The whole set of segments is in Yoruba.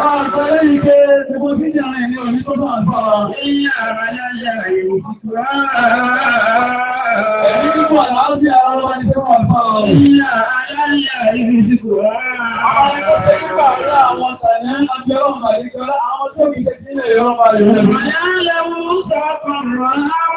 Àpẹẹrẹ ìgbé ṣegbó sí ìjà ẹni ọ̀ní tó bá àgbà. Ìyá ara yáyà ìrò kúkúrá. Ẹni tó wà láàájú ara wá ní tó wà bá ọ. Ìyá ara yáyà ìrò Àwọn ẹgbẹ́ tó ń gbà ní àwọn tàní àjẹ́rọ̀ àwọn tó ń gbé sílẹ̀ yọ́rọ̀ màdíkọ́lá. Ìyá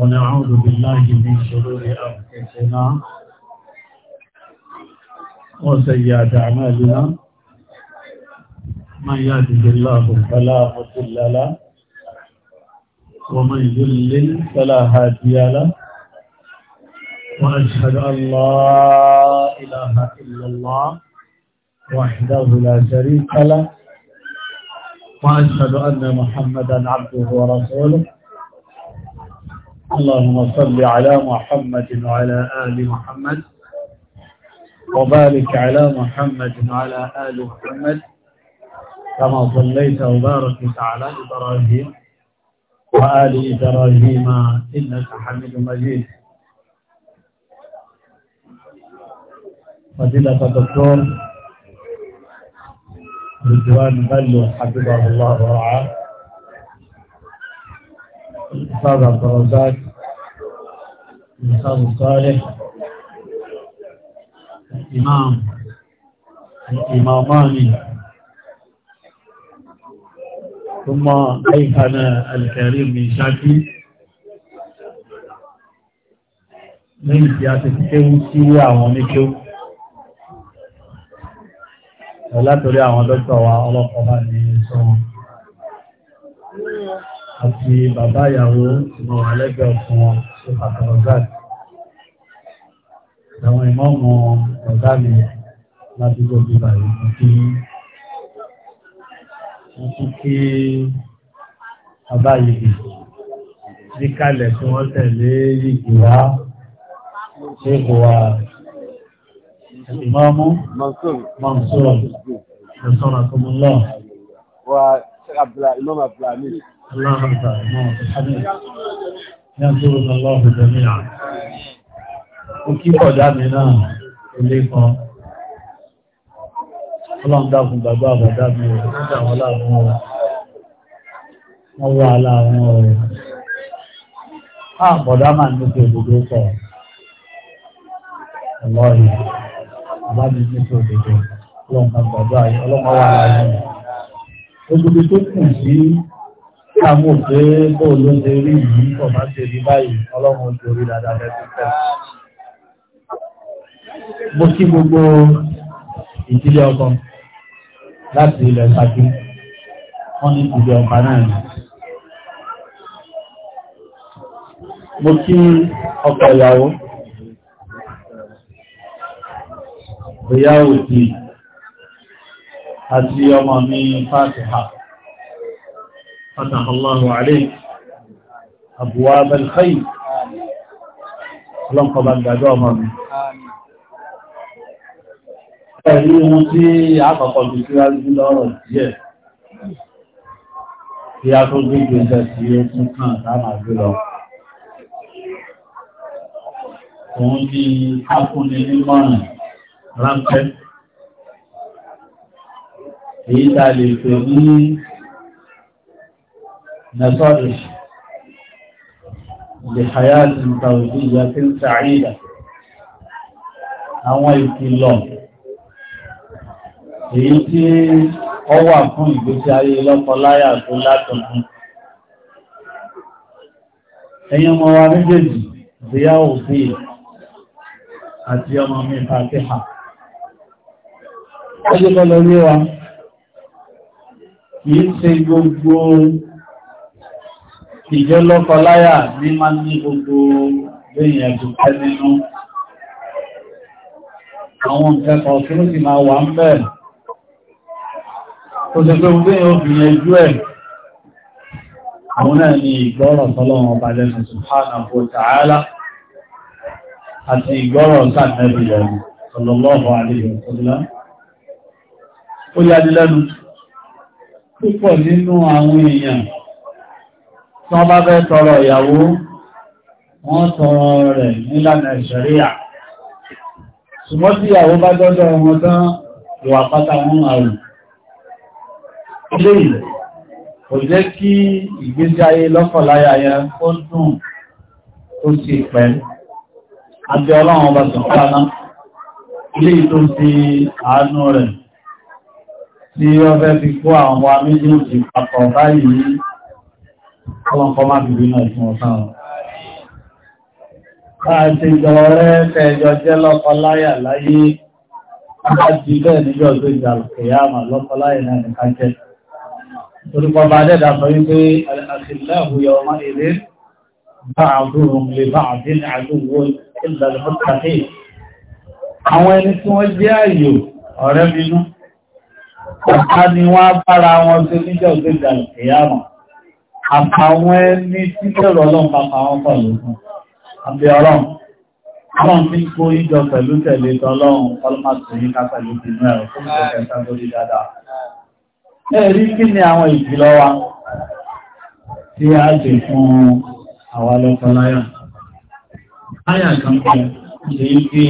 ونعوذ بالله من شرور أنفسنا وسيئات أعمالنا من يهده الله فلا مضل له ومن يضلل فلا هادي له وأشهد أن لا إله إلا الله وحده لا شريك له وأشهد أن محمدا عبده ورسوله اللهم صل على محمد وعلى آل محمد وبارك على محمد وعلى آل محمد كما صليت وباركت على إبراهيم وآل إبراهيم إنك حميد مجيد فضيلة الدكتور رضوان بلو حفظه الله ورعاه أصحاب عبد الرزاق الإنسان الصالح الإمام الإمامان ثم ضيفنا الكريم من شاكي من tí a ti kéwú sí àwọn oníkéwú látòrí àwọn dókítà wa àti bàbá ìyàwó ìmọ̀ ẹlẹ́gbẹ̀ ọ̀fún ṣe pàtàkì ọ̀gáàd àwọn ìmọ̀ọ̀mọ̀ ọ̀gá mi láti gbogbo báyìí mo kí mo tún kí bàbá yìí níkàlẹ̀ tí wọ́n tẹ̀lé yìí wá ṣé kò wá ìmọ̀ọ̀mú mọ̀nsúrù mọ̀nsúrù àkọmọlọ́. wa ṣe àbúlà ìmọ̀ọ̀mù àbúlà mi. اللهم بارك حبيب ينصرنا الله جميعا òkí ọ̀dá mi náà ilé kan ọlọ́ndàkùn bàbá bàbá mi ọ̀dàwọ́ láàrin ọ̀rọ̀ wọ́n wà láàrin ọ̀rọ̀ àbọ̀dá máa nípe òdòdó pọ̀ ọlọ́rin bàbá mi nípe òdòdó ọlọ́ndàkùn bàbá ọlọ́mọ wà láàrin ọ̀rọ̀ káàmù pé kó ló ṣe rí yìí kọ̀ má ṣe rí báyìí ọlọ́run tó rí dáadáa lẹ́sìn fẹ́. Mo kí gbogbo ìdílé ọkọ láti ilẹ̀ Ṣakí, wọ́n ní ìdílé ọkọ náà ni. Mo kí ọkọ ìyàwó, ìyàwó ti àti ọmọ mi Fáàtì Hàpù. فتح الله عليك أبواب الخير ọlọ́nkọ bá gbàjọ́ ọmọ mi ẹ̀rí ohun tí àkọ́kọ́ bí kí rájú lọ́rọ̀ díẹ̀ kí a tó gbígbé ẹ̀sẹ̀ sí ẹkùn kan sáàmà gbé lọ òun ni ápùnni nímọ̀ràn ráńpẹ́ èyí ta lè pè ní نصائح لحياة زوجية سعيدة àwọn ìkìlọ̀ èyí tí ó wà fún ìgbésí ayé lọ́kọláya tó látọ̀kún ẹ̀yin ọmọ wa méjèèjì ìgbéyà òfin àti ọmọ mi fàtíhà ọjọ́ lọ́lọ́rí wa kìí ṣe gbogbo ìjọ lọ́kọláyà ní máa ní gbogbo lẹ́yìn ẹ̀dùnkẹ́ nínú àwọn ìkẹ́kọ̀ọ́ tí ó sì máa wà ń bẹ̀ tó ṣe pé gbé obìnrin ẹjú ẹ̀ àwọn náà ni ìgbọ́rọ̀ sọ́lọ́wọ́n ọba lẹ́nu subhanahu tí wọ́n bá fẹ́ tọrọ ìyàwó wọ́n tọrọ rẹ̀ nílànà ìṣẹ̀ríyà ṣùgbọ́n tí ìyàwó bá dọ́dọ̀ wọn tán ìwà pátá wọn àrùn ilé ilẹ̀ kò jẹ́ kí ìgbésí ayé lọ́kọ̀láyà yẹn ó dùn ó sì pẹ̀lú àti ọlọ́run ọba sọ̀kọ́lá ilé ìtò ti àánú rẹ̀ tí ó fẹ́ fi kó àwọn ọmọ méjì ti báyìí ọlọ́n kọ máa bìbì náà ìfún ọ̀sán wọn. Káàtì ìjọrẹ́ tẹ́jọ jẹ́ lọ́kọláyà láyé, láti bẹ́ẹ̀ níjọ́ tó ìjà kìyàmà lọ́kọláyà náà ní kájẹ́. Orúkọ bá dẹ́dà sọ wípé àṣìláhù yọ ọmọ èdè bá àbúrùn lè bá àdín àdúgbò ìlàlùmọ́tàkì. Àwọn ẹni tí wọ́n jẹ́ àyò ọ̀rẹ́ bínú, ọ̀pá ni wọ́n bára wọn tó níjọ́ tó ìjà kìyàmà àtàwọn ẹni tí bẹ̀rọ ọlọ́run bá pa wọ́n pẹ̀lú fún àbí ọlọ́run ọlọ́run tí kó ìjọ pẹ̀lú tẹ̀lé tọ́lọ́run ọlọ́màtò yí ká pẹ̀lú ti mẹ́rọ fún ìjọkẹta lórí dáadáa ẹ̀rí kí ni àwọn ìjìlọ wa tí a jẹ fún àwa lọ́kọ láyà láyà kan pẹ̀ ṣe é pé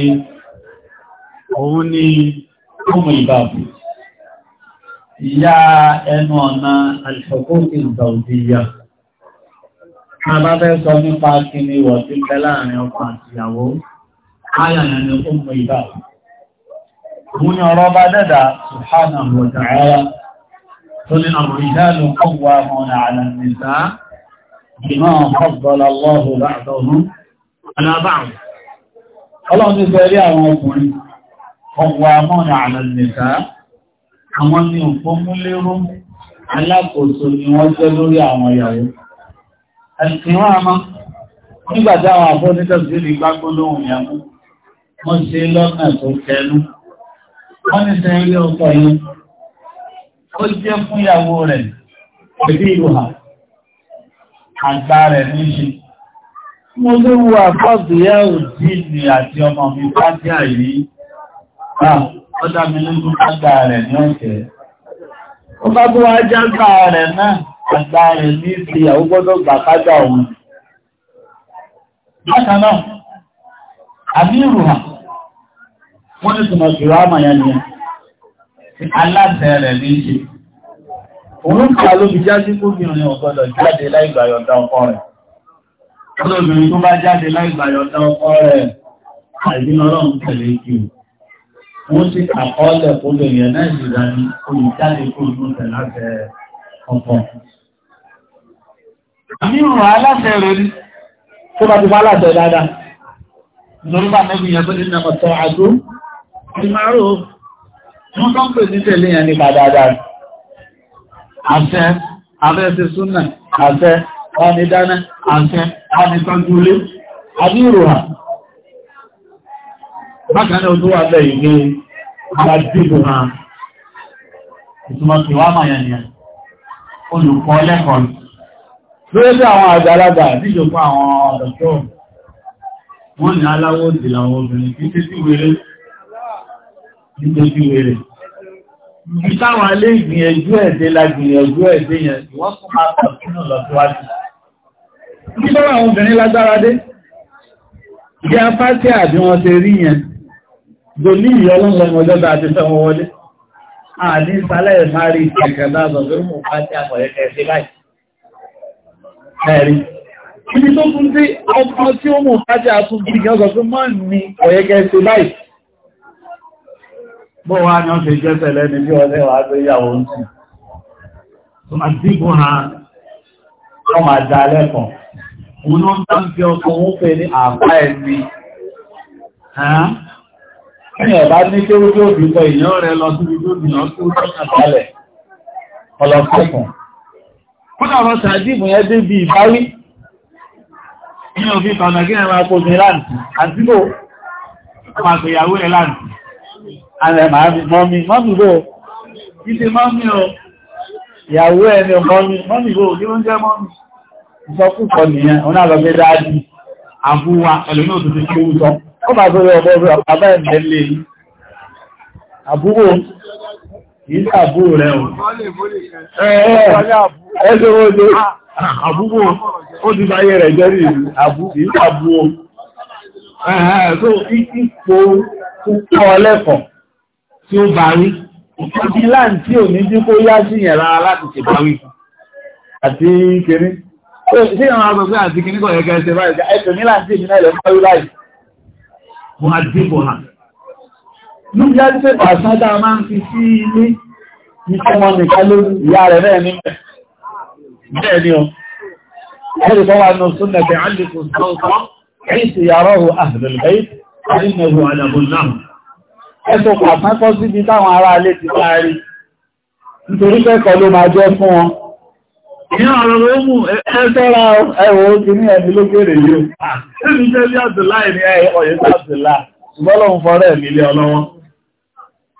òun ni ọmọ ìbàbù Ya ẹnu ọ̀nà alìṣọ́kókè ìdọ̀dìyà. A bá fẹ́ sọ nípa kí ni wọ̀ tí pẹ́ láàrin ọkọ àti ìyàwó, ụmụ ni ó mú ìbá. Mú ní ọ̀rọ̀ bá dẹ́dà subhanahu ní 'ala 'ala rí àwọn ọkùnrin àwọn ni òfin mú lérú alákòóso ni wọ́n jẹ́ lórí àwọn ìyàwó ẹ̀sìn wọn àmọ́ nígbà táwọn àfọ́nítọ̀ sí ní gbágbólóhùn ìyàwó wọ́n ṣe lọ́nà tó kẹnu wọ́n ní sẹ́yìn rí ọkọ yẹn ó jẹ́ fún ìyàwó rẹ̀ pẹ̀lú ìhà àgbà rẹ̀ níṣe mo ló wà fọ́ọ̀dù yẹ́ òdì àti ọmọ mi bá jẹ́ àìrí ọdá mi lójú àgbà rẹ̀ ní ọ̀kẹ́. Ó bá bó wá jágbà rẹ̀ náà, àgbà rẹ̀ ní ti àwọn gbọ́dọ̀ gbà kájà òun. Bákan náà, àbí ìrùhà, wọ́n ní tùmọ̀ sí ráàmà yẹn ni aláṣẹ rẹ̀ ní ṣe. Òun kà ló fi jáde kóbìnrin ọ̀gbọ́dọ̀ jáde láìgbà yọ̀ǹda ọkọ rẹ̀. Olóbìnrin tó bá jáde láìgbà yọ̀ǹda ọkọ rẹ̀, àìbínú ọlọ́run tẹ̀lé kí o wọ́n sì àkọọ́lẹ̀ fóòlù èèyàn náà sì rà ní olùjáde kó inú tẹ̀ láti ọ̀pọ̀. àmì ìrùn aláṣẹ rẹ̀ rí tó bá ti wá aláṣẹ dáadáa nítorí bá mẹ́bí yẹn tó nínú ọ̀tọ̀ àgó ti máa rò wọ́n tó ń pè ní tẹ̀lé yẹn nípa dáadáa. àṣẹ abẹ́ súnà àṣẹ wọn ni dáná àṣẹ wọn ni tọ́jú ilé àbí ìrùn Bákan náà tó wà bẹ́ ìgbé alájúgbò máa. Ìtumọ̀ tí wá máa yẹn yẹn. Olùkọ́ lẹ́kọ̀ọ́. Lórí sí àwọn àgbàlagbà níjò fún àwọn ọ̀dọ̀tọ́. Wọ́n ní aláwọ̀ òdì làwọn obìnrin kí tí sí wèrè. Nítorí wèrè. Ibi táwọn alé ìgbìyànjú ẹ̀dẹ́ la gbìyànjú ẹ̀dẹ́ yẹn, ìwọ́n fún máa tọ̀ sínú lọ síwájú. Nígbọ́n àwọn obìnrin lágbára dé, ìjẹ́ apá tí àbí wọn ti rí yẹn, Dolí ìyọlọ́wọ́ ọmọdọ́dá àti sọmọ wọlé. A ní sálẹ̀ márì ìkẹ̀kẹ̀dá àzọ̀gbẹ̀rún mú pàtí àpọ̀lẹ̀kẹ̀ sí láì. Ẹ̀rí. Ibi tó tún sí ọkọ̀ tí ó mú pàtí àtúgbì gẹ́gọ́ tó mọ́ ní ọ̀yẹ́kẹ́ sí láì. Bọ́ wá ní ọ́n ṣe jẹ́ tẹ̀lẹ́ ní bí ní ọ̀bá ní kí ó tó dùkọ ìyàn rẹ lọ sí ibi ìyàn tó tọ́nà tálẹ̀ ọlọ́pẹ́kùn kúrò àwọn sàdíìmù yẹn dé bí ìbáwí ní òfin tọ̀nà kí ẹ̀rọ akóso láǹtì àdúgbò àpàgbéyàwó ẹ̀ láǹtì ààrẹ màámi mọ́mí mọ́mí bò kí ṣe mọ́mí o ìyàwó ẹ̀ ní mọ́mí mọ́mí bò kí ló ń jẹ́ mọ́mí ìsọkúkọ nìyẹn onáàlọ́gbẹ́dáàdì àbúwa ẹlòmí òtútù kí ó sọ ó máa tó rẹ ọmọ ọmọ bàbá ẹ̀mẹ́ lè yí àbúrò yìí ní àbúrò rẹ̀ ọ̀ ẹ̀ẹ́sẹ̀ wọ́n ló àbúrò ó ti báyé rẹ̀ jẹ́ rí ìlú àbúrò ẹ̀ẹ́sẹ̀ ipò púpọ̀ ọlẹ́kọ̀ọ́ tí ó bá rí ìpàdé láì tí ò ní dínkó yá sí yẹn rárá láti ṣèbáwí àti kìnní. Ṣé ìyàwó àgbẹ̀fẹ́ àti kìnní kọ̀ yẹ kẹ́ ṣe báyìí? Ẹ̀sùn ní láti ṣèbí náà lẹ́nu báyìí láìsí wọ́n á dé bọ̀ hàn. Ní ìyá tí pé bàṣán dáa máa ń fi sí ilé ìfẹ́ wọn nìkan ló ìyá rẹ̀ náà ní bẹ́ẹ̀ ni ọ. Ẹ̀rì kan wà ní Súnnà bí Àlìkù Sọ́ọ̀tọ́, kìí Ìyá àwọn ọmọ ẹ̀ṣọ́ra ẹ̀wọ̀ ojú ní ẹni ló gbèrè yóò. Ẹni jẹ́ bí àdìlá ìní ọ̀yẹ́ sáàdìlá, ṣùgbọ́n lọ́wọ́ fọ́rẹ́ mi lé ọlọ́wọ́.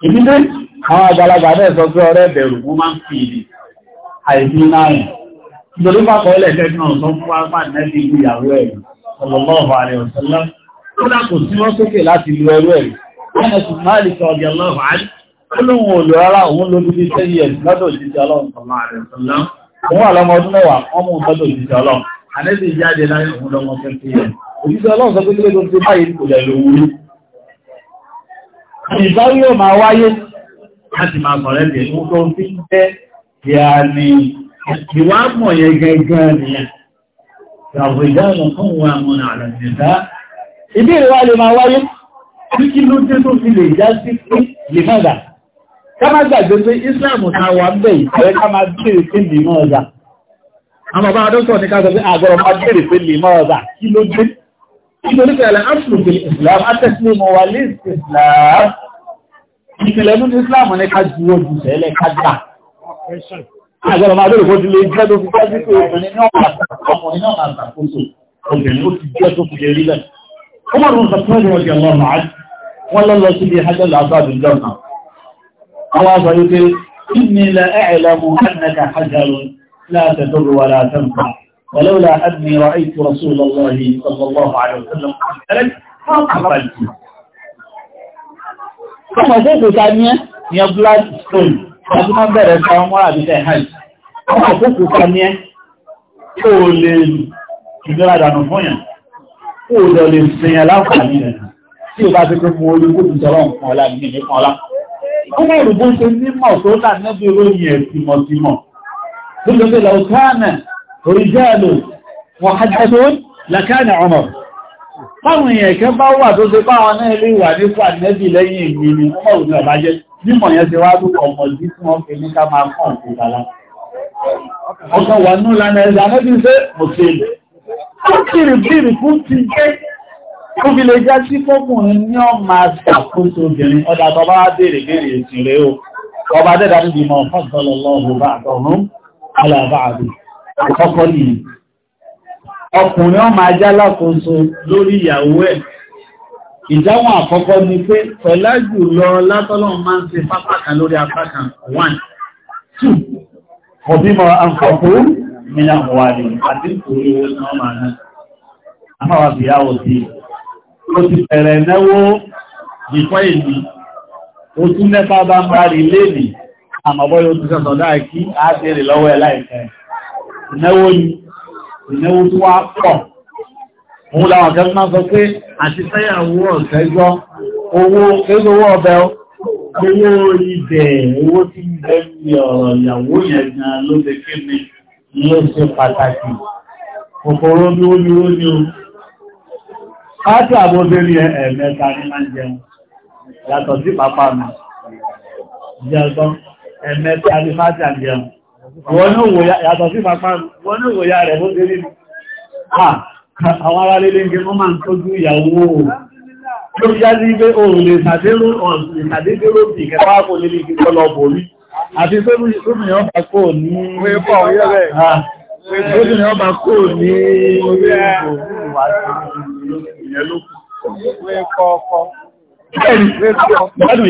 Ìdílé, àwọn àgbàlagbà náà sọ pé ọ̀rẹ́ bẹ̀rù mú máa ń fi ìdí, àìsí láàrin. Ìjọdún bá kọ́ ilẹ̀ kẹ́kẹ́ náà sọ fún wa pà nẹ́bí ìyàwó ẹ̀rù, ọlọ́lọ́ọ̀fà rẹ̀ ọ̀sẹ́lá. Ó dàkò sí wọ́n sókè láti lu ẹrú ẹ̀rù. Ẹnẹ̀sùn máa Òun wà lọ́mọ ọdún mẹ́wàá, wọ́n mú tọ́jú òjíṣẹ́ ọlọ́run. Ànẹ́bì jáde láyé òun lọ́mọ fẹ́ fi yẹ. Òjíṣẹ́ ọlọ́run sọ pé kí ló ti báyìí kò lẹ̀ lówó rí. Ìbárí yóò máa wáyé láti máa sọ̀rẹ́ bẹ̀ mú tó fi ń bẹ́ ìyá ni ìwà mọ̀ yẹn gẹ́gẹ́ nìyẹn. Ìyàwó ìdáhùn fún wa mọ̀nà máa wáyé. Kí kí tó fi lè já sí pé lè má ká má gbàgbé pé Islam ta wà ń bẹ̀ ìfẹ́ ká má bèèrè pé lè mọ́ ọ̀zà àmọ́ bá dọ́kọ̀ ní ká sọ pé àgọ́rọ̀ má bèèrè pé lè mọ́ ọ̀zà kí ló dé nítorí pẹ̀lẹ́ áfùrùkì Islam atẹ́sílẹ̀ mọ́ wà lè Islam ìpìlẹ̀ nínú Islam ní ká ju ojú sẹ́lẹ̀ ká gbà àgọ́rọ̀ má bèèrè kójú lè jẹ́ tó fi jẹ́ sí pé obìnrin náà ó ti jẹ́ tó rí bẹ́ẹ̀. Umar bin wọ́n lọ lọ síbi hajj al-Abad àwọn aṣọ yìí pé inni la a'lamu annaka hajarun la tadurru wa la tanfa ولولا أني رأيت رسول الله صلى الله عليه وسلم ما قبلت Ọmọ ṣe ìpòta ní ẹ́ ni ọ Blackstone, ọdún máa bẹ̀rẹ̀ ṣe Ọmọ òrùgbó ṣe mímọ̀ tó dà nẹ́bí olóyìn ẹ̀ tìmọ̀tìmọ̀. Gbogbo lọ́kánà, oríjẹ́lò, wọ̀n hajjẹ́tò lákánà ọmọ. Báwọn èèyàn kẹ́ bá wà tó ṣe báwọn náà lè wà nípa nẹ́bí lẹ́yìn ìgbì ni ọmọ òrùn ọ̀bá jẹ́. Mímọ̀ yẹn ti wá lúkọ̀ ọmọ ìdí tí Ó fi lè já sí fọ́kùnrin ní ọmọ àṣàkóso obìnrin, ọdá bàbá bèèrè bèèrè ìsìn rẹ̀ o. Ọba dẹ́dà níbi mọ̀ fọ́sọ̀lọ́lọ́wọ́ bá àtọ̀rún alábàáàbì. Ọkọ̀ nìyí. Ọkùnrin ọmọ ajá lákòóso lórí ìyàwó ẹ̀. Ìdáhùn àkọ́kọ́ ni pé pẹ̀lá jù lọ látọ́lọ́ máa ń ṣe pápá ní àdínkù orí ó ti bẹ̀rẹ̀ náwó ìfọ́ ìlú ó tún mẹ́fà bá ń bá rí léèlì àmọ́bọ́ yóò ti sọ̀tọ̀ náà kí á tẹ́rẹ lọ́wọ́ ẹ̀ láìpẹ́ ìnáwó ni ìnáwó tó wá pọ̀ òun láwọn kẹ́ máa sọ pé àti fẹ́yàwó ọ̀sẹ́jọ́ owó owó ọbẹ̀ owó ibẹ̀ owó tí ń bẹ́ mi ọ̀rọ̀ ìyàwó yẹn gan ló ti kí mi ló ṣe pàtàkì Káàkì àbóbìnrin ẹ̀ẹ̀mẹ́ta ní máa ń jẹun, yàtọ̀ sí pàpá mi. Jẹ́gbọ́n, ẹ̀ẹ̀mẹ́ta ní fájà jẹun. Wọ́n ní òwò yàtọ̀ sí pàpá mi, wọ́n ní òwò rẹ̀ bó dé nínú. Àwọn ará lélé ń mọ́ máa ń tọ́jú ìyàwó oòrùn. Ló ìyẹn ló kù. Bẹ́ẹ̀ni,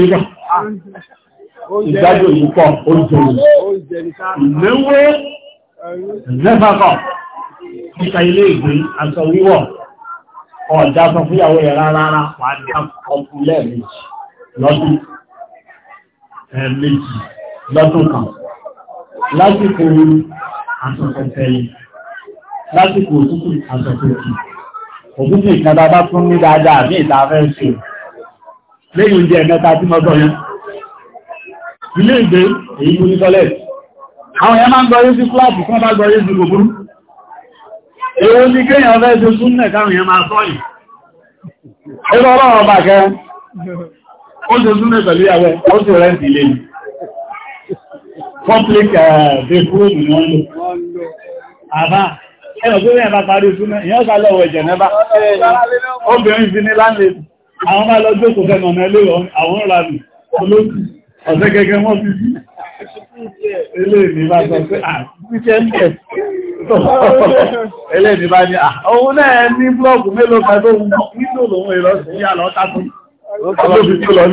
ìgbádùn yìí pọ̀, oúnjẹ yìí, ìnáwó, ìnáfàkọ̀, nípa ilé ìgbé, aṣọ wíwọ̀, ọ̀dá sọ fúyàwó rẹ̀ rárá wà ní ọkù lẹ́ẹ̀mejì lọ́dún, ẹ̀ẹ̀mejì lọ́dún kan, lásìkò àtọ̀kọ̀tẹ̀ òtútù ìkàndà bá tún ní dáadáa ní ìtafẹ́ ṣe lẹ́yìn oúnjẹ mẹ́ta tí mọ́tọ̀ yẹn ilé ìgbé èyí mú ní tọ́lẹ̀tì àwọn èèyàn máa ń gbọ́rí sí fúláàtì fún bá gbọ́rí sí gbogbo èwo ní kéèyàn fẹ́ ṣe súnnẹ̀ káwọn èèyàn máa sọ́yìn ẹgbẹ́ ọlọ́rọ̀ bà kẹ́ ó ṣe súnnẹ̀ ẹ̀rọ̀ tó rẹ̀ bá parí ìsúná ìyàn sá lọ́wọ́ ẹ̀jẹ̀ nẹ́bá obìnrin sí ní láńlẹ̀dì àwọn máa lọ jókòó fẹ́ mọ̀mọ́ ilé àwọn ọ̀rọ̀ àmì olóòtú ọ̀sẹ̀ gẹ́gẹ́ wọ́n fi sí ilé ìní bá sọ pé àtúnṣẹ́ńtẹ̀ ah, ilé ìní bá ní àwọn ah, náà ní blọ́ọ̀kù mélòó kan tó wùn nílò lòun ìrọ̀sìn yà lọ́ tákùn olóòtú tó lọ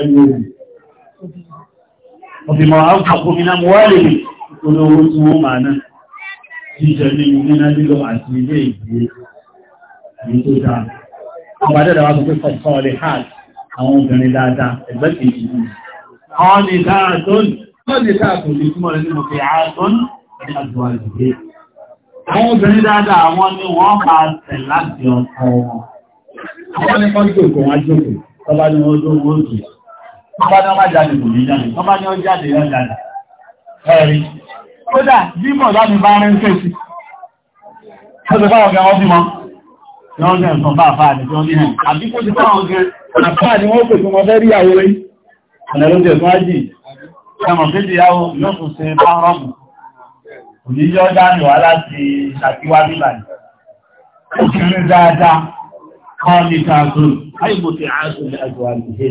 lè ọ̀bìmọ̀ àkàkùnmínà wọ́lè olówó tí wọ́n máa náà jíjẹ ní nínà lílọ àti ilé ìgbé ní tó dáa. ọba dẹ́dà wá sọpé fọ́fọ́ ọlẹ́ hàt àwọn obìnrin dáadáa ẹgbẹ́ kejì mú àwọn ni dáadọ́n lọ́dẹ̀ dáadọ́ ní túnmọ̀ rẹ̀ nínú pé àádọ́n ní àdúrà ìgbé àwọn obìnrin dáadáa àwọn ni wọ́n máa tẹ̀ láti ọkọ̀ wọn àwọn ni wọ́n wọn jókòó tọ́bá ni wọ́n jókòó Ọba ní ọmọ jáde kò ọba ọjọ́ jáde láti bá rẹ̀ ń fèsì. Ọjọ́ báwọn gẹ wọ́n bímọ. Wọ́n gẹ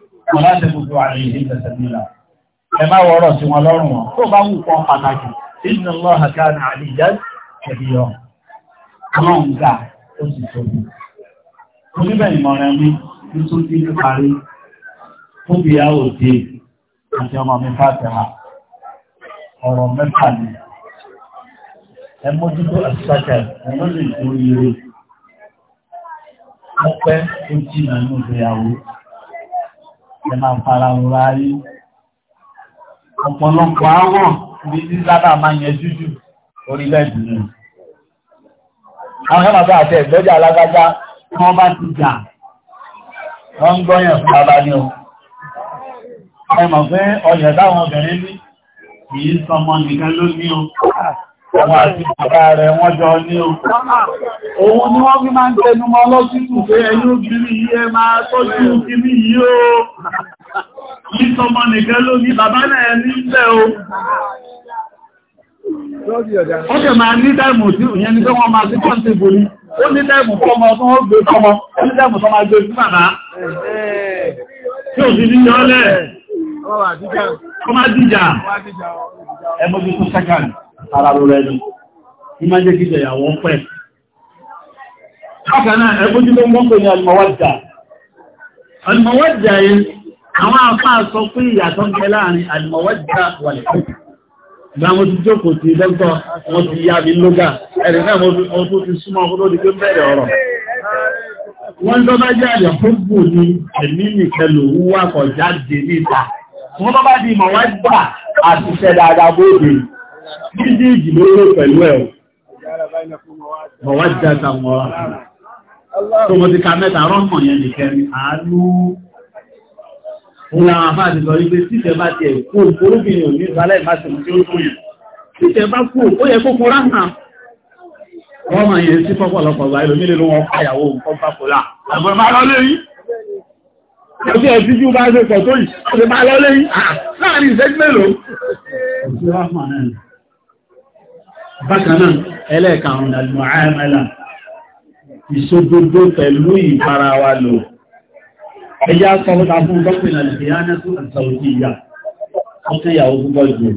wọ́n tẹ gbogbo àrẹ ìlú ìtẹ̀sẹ̀mílà ẹ má wọ́rọ̀ sí wọn lọ́rùn wọn tó bá wù kọ́ pàtàkì inna Allaha kana aliyan kabira ọlọ́run ga ó sì tóbi oníbẹ̀ ìmọ̀ràn mi ní tó ti ní parí fúbi a ò dé àti ọmọ mi fàtẹ̀hà ẹ máa fara ọ̀rọ̀ ayé ọ̀pọ̀lọpọ̀ àwọ̀ ní sísábà máa yẹn jújù orílẹ̀-èdè náà àwọn ẹ̀mà bá àti ẹ̀gbẹ́jà alágbájá tí wọ́n bá ti jà wọ́n ń gbọ́yàn fún bàbá ní o ẹ̀mọ̀ pé ọyẹ̀ táwọn obìnrin ní kìí sọmọ nìkan ló ní o àwọn àti bàbá rẹ̀ wọ́n jọ ní ohun ni wọ́n fi máa ń tẹnu mọ́ lọ́sítù pé ẹni obìnrin yìí ẹ máa tọ́jú kìí yìí o nítọmọ nìkan ló ní bàbá náà ní ilẹ̀ o ó kẹ máa ní dáìmù sí ìyẹn ni pé wọ́n máa sí kọ́ntébù ní ó ní dáìmù fọ́mọ tó wọ́n gbé fọ́mọ ó ní dáìmù tó máa gbé sí bàbá tí ò sí ní yọ́lẹ̀ ọmọ àdíjà ẹmọ́bí tó sẹ́kàndì ara ló rẹni ní máa jẹ́ kíjẹ ìyàwó ń pẹ̀ bákan náà ẹgbójú tó wọ́n pè ní alìmọ̀wájà alìmọ̀wájà yìí àwọn afá sọ pé ìyàtọ̀ ń bẹ láàrin alìmọ̀wájà wà lè fún ìgbà mo ti jókòó ti dọ́gbọ́ wọ́n tó bá jẹ́ àjọ ní ẹ̀mí nìkan lòun wà kọ̀ níta wọ́n tó bá di mọ̀wájà àti ṣẹ̀dá àdàbòdè méjèèjì ló rò pẹ̀lú ẹ̀ mọ̀wá játa mọ́ tó mo ti ka mẹ́ta rọ́mọ̀ yẹn nìkan àánú ńlá àbá ti sọ wípé títẹ̀ bá ti ẹ̀kú orúbìnrin ò ní ìsàlẹ̀ ìbáṣẹ̀mù tí ó tó yẹn títẹ̀ bá kú ó yẹ kó kúrá hàn wọ́n máa yẹ sí fọ́pọ̀lọpọ̀ ìgbà ìlú nílé wọn káyàwó nǹkan bá kò láà àgbọ̀n máa lọ léyìn yìí ọdún bákanáà ẹlẹ́ẹ̀kàrùn alìmọ̀áyàmẹ́là ìṣòdodo pẹ̀lú ìbára wa lò ẹjá sọ́lọ́ta fún gọ́pìn alìbìyànà tó àtàwòdí ìyá ọkàn ìyàwó púpọ̀ jù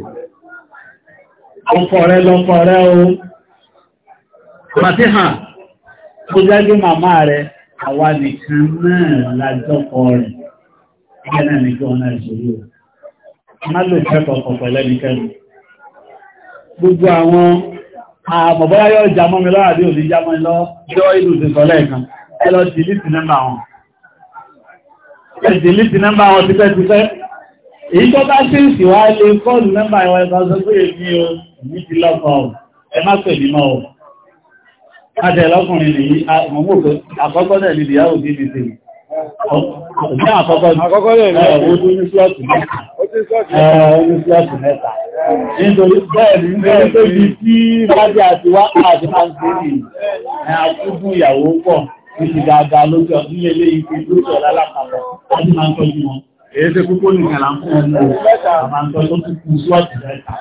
ọkọ rẹ lọ́kọ rẹ o pàtíhà tó jágé màmá rẹ àwa nìkan náà lájọ́kọ rẹ̀ gẹ́nà nìkan ọ̀nà ìṣòro má gbogbo àwọn àmọ̀bọ́lá yóò jámọ́ mi lọ́wọ́ àbí òní jámọ́ mi lọ́wọ́ yóò ìlú ti sọ lẹ́ẹ̀kan ẹ lọ dìlítì nẹ́mbà wọn ẹ dìlítì nẹ́mbà wọn ti fẹ́ èyí tó bá sí ìsìwá ilé fọ́ọ̀lù nẹ́mbà ìwọ̀ ẹ̀kọ́ sọ pé èmi o èmi ti lọ́kọ̀ ẹ má pè mí mọ́ o kájẹ̀ lọ́kùnrin nìyí àkọ́kọ́ náà ni ìyàwó Ọ̀gbẹ́ àkọ́kọ́ ní àkọ́kọ́ lè rẹ̀ owó tó ní slọ́tù mẹ́ta. ní slọ́tù mẹ́ta. Nítorí bẹ́ẹ̀ bẹ́ẹ̀ tó bí tí Bájí àti wá àti máa ń gbé ní àkúgbù ìyàwó pọ̀ ní dáadáa lójú ọdún ilé ìpín lójú ọ̀la lápapọ̀ láti máa ń tọ́jú wọn. Èyí ṣe púpọ̀ nìkan là fún ọmọ àmà ń tọ́jú tó kú slọ́tù mẹ́ta.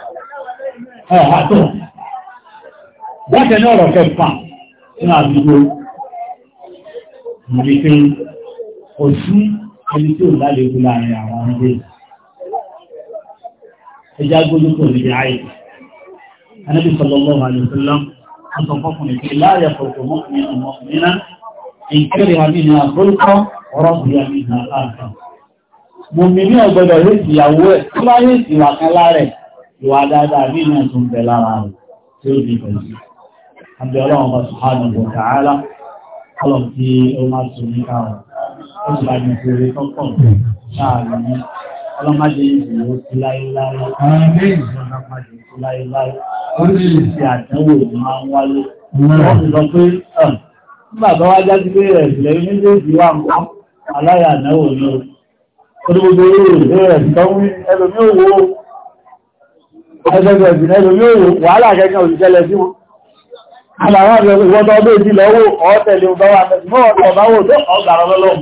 Ẹ̀ àtọ̀. Bákẹ́ ní ọ̀rọ̀ kẹfà nínú àdúgbò. Mo rí pé kò sí ẹni tí ò lálejò láàrin àwọn ọmọdé ẹjá gbójú kò níbi ayé anábì sallallahu alaihi wasallam wọn sọ fọkùnrin pé láàyè fọkù mọkùnrin ọmọ nínà ìkẹrẹ àmì ní àkókò ọ̀rọ̀ bí àmì ní àkàkà mo mi ní ọgbọdọ yóò ti yàwó ẹ tó bá yóò ti wà kan lára ìwà dáadáa bí náà tó bẹ lára rẹ tí ó di pẹ̀lú àbí Ọlọ́run bá sùhánù bọ tààlà Ọlọ́run tí ó má sùn ní káwọn ìlànà ìbèrè tọ́pọ̀ láàrin ní ọlọ́mọdé ìbèrè sí láéláé ọlọ́mọdé sí láéláé ó ní ìsì àdánwò máa ń wáyé wọ́n sọ pé nígbà tó wá jáde pé ẹ̀sìlẹ̀ méjèèjì wà ń kọ́ aláya àdánwò ní o olùgbogbo orí rẹ̀ rẹ̀ tó ń ẹlòmí òwò ẹgbẹ̀gbẹ̀ ìbìnà ẹlòmí òwò wàhálà kẹ́kẹ́ òṣìṣẹ́lẹ̀ sí wọn àlàáfà ìwọ́n tó ọdún ìdílọ́wọ́ ọ̀ọ́tẹ̀lẹ̀ ọ̀báwò tó ọgbà ọlọ́lọ́wọ́